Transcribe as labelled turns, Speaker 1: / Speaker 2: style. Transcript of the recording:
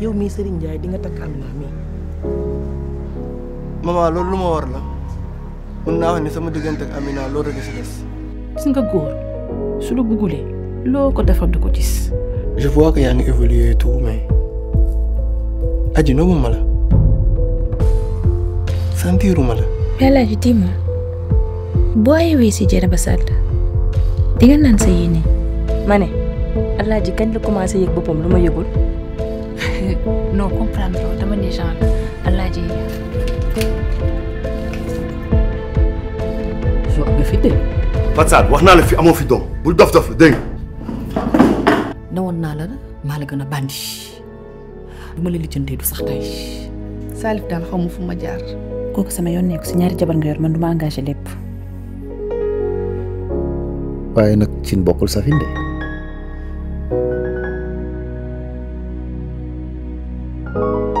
Speaker 1: yow mii Serigne Ndiaye di nga takk Amina mii.
Speaker 2: maman lu war la mën naa wax sama diggante ak Amina loolu rek si des.
Speaker 3: gis nga góor su la buggulee loo ko defar du ko gis.
Speaker 2: je vois que yaa évoluer tout mais aji noobu ma la sentiruma la.
Speaker 4: yàlla ji di ma boo yeewee si Dieynaba Sall di nga naan sa yéene. ma ne Alaaji kañ la commencé lu ma non comprendre loo dama ni genre alaaji.
Speaker 5: soo amee fi dégg. Fatou amoo fi doom bul dof-dof la
Speaker 6: na woon naa la maa la gën a bandi du ma la lijjantee du sax tey.
Speaker 7: Salif daal xaw ma fu ma jaar. kooku sama yoon nekk si ñaari jabar nga yor man du ma engagé lépp.
Speaker 8: waaye nag cin bokkul safin de Thank you.